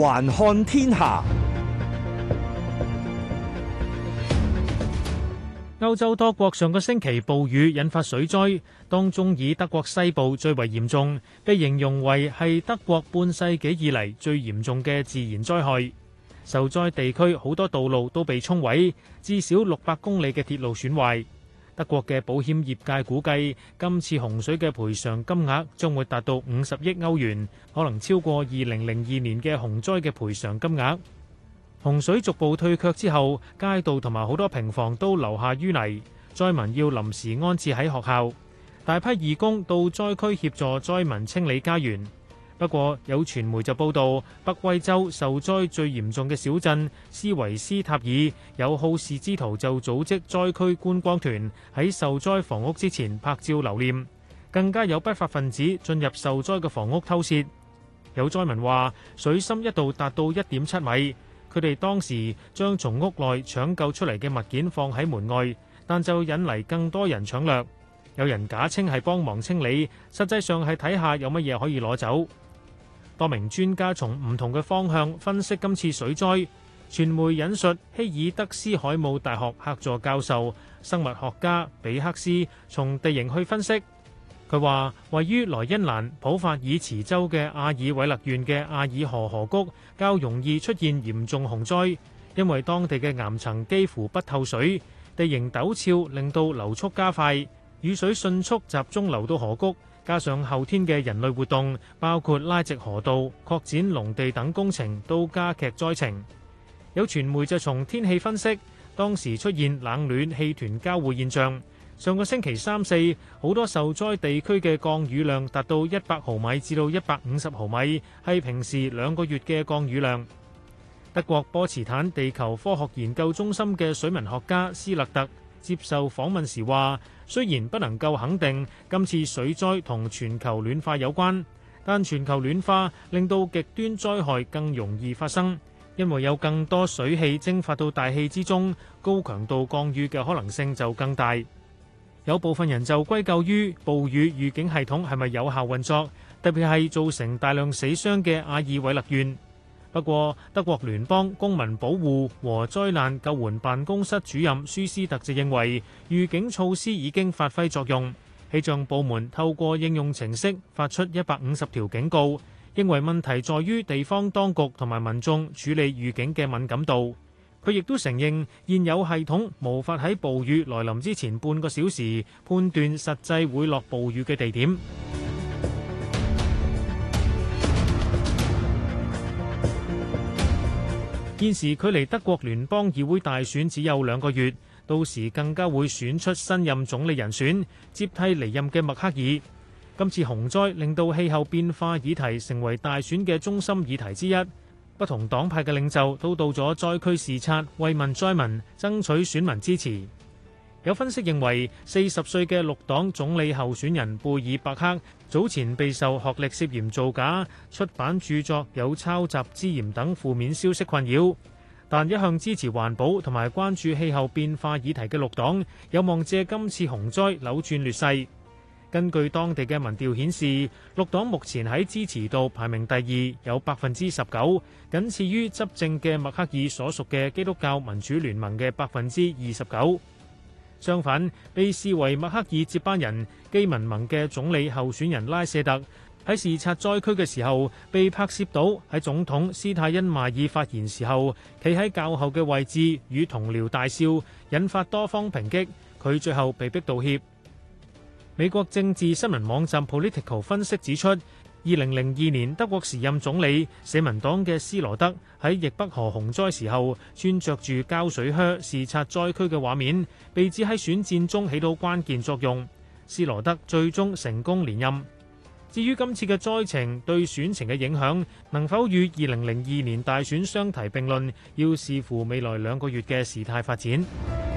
環看天下，歐洲多國上個星期暴雨引發水災，當中以德國西部最為嚴重，被形容為係德國半世紀以嚟最嚴重嘅自然災害。受災地區好多道路都被沖毀，至少六百公里嘅鐵路損壞。德國嘅保險業界估計，今次洪水嘅賠償金額將會達到五十億歐元，可能超過二零零二年嘅洪災嘅賠償金額。洪水逐步退卻之後，街道同埋好多平房都留下淤泥，災民要臨時安置喺學校。大批義工到災區協助災民清理家園。不過有傳媒就報道，北威州受災最嚴重嘅小鎮斯維斯塔爾，有好事之徒就組織災區觀光團喺受災房屋之前拍照留念，更加有不法分子進入受災嘅房屋偷竊。有災民話，水深一度達到一點七米，佢哋當時將從屋內搶救出嚟嘅物件放喺門外，但就引嚟更多人搶掠。有人假稱係幫忙清理，實際上係睇下有乜嘢可以攞走。多名專家從唔同嘅方向分析今次水災。傳媒引述希爾德斯海姆大學客座教授、生物學家比克斯從地形去分析。佢話：位於萊茵蘭普法爾茨州嘅阿爾韋勒縣嘅阿爾河河谷較容易出現嚴重洪災，因為當地嘅岩層幾乎不透水，地形陡峭令到流速加快，雨水迅速集中流到河谷。加上後天嘅人類活動，包括拉直河道、擴展農地等工程，都加劇災情。有傳媒就從天氣分析，當時出現冷暖氣團交匯現象。上個星期三四，好多受災地區嘅降雨量達到一百毫米至到一百五十毫米，係平時兩個月嘅降雨量。德國波茨坦地球科學研究中心嘅水文學家施勒特。接受訪問時話：雖然不能夠肯定今次水災同全球暖化有關，但全球暖化令到極端災害更容易發生，因為有更多水氣蒸發到大氣之中，高強度降雨嘅可能性就更大。有部分人就歸咎於暴雨預警系統係咪有效運作，特別係造成大量死傷嘅阿爾偉勒縣。不過，德國聯邦公民保護和災難救援辦公室主任舒斯特就認為，預警措施已經發揮作用。氣象部門透過應用程式發出一百五十條警告，認為問題在於地方當局同埋民眾處理預警嘅敏感度。佢亦都承認現有系統無法喺暴雨來臨之前半個小時判斷實際會落暴雨嘅地點。現時距離德國聯邦議會大選只有兩個月，到時更加會選出新任總理人選，接替離任嘅默克爾。今次洪災令到氣候變化議題成為大選嘅中心議題之一，不同黨派嘅領袖都到咗災區視察，慰問災民，爭取選民支持。有分析認為，四十歲嘅綠黨總理候選人貝爾伯克早前備受學歷涉嫌造假、出版著作有抄襲之嫌等負面消息困擾，但一向支持環保同埋關注氣候變化議題嘅綠黨，有望借今次洪災扭轉劣勢。根據當地嘅民調顯示，綠黨目前喺支持度排名第二，有百分之十九，僅次於執政嘅默克爾所屬嘅基督教民主聯盟嘅百分之二十九。相反，被視為默克爾接班人基民盟嘅總理候選人拉舍特喺視察災區嘅時候，被拍攝到喺總統施泰因邁爾發言時候，企喺較後嘅位置與同僚大笑，引發多方抨擊。佢最後被逼道歉。美國政治新聞網站 Political 分析指出，二零零二年，德國時任總理社民黨嘅施羅德喺易北河洪災時候穿着住膠水靴視察災區嘅畫面，被指喺選戰中起到關鍵作用。施羅德最終成功連任。至於今次嘅災情對選情嘅影響，能否與二零零二年大選相提並論，要視乎未來兩個月嘅事態發展。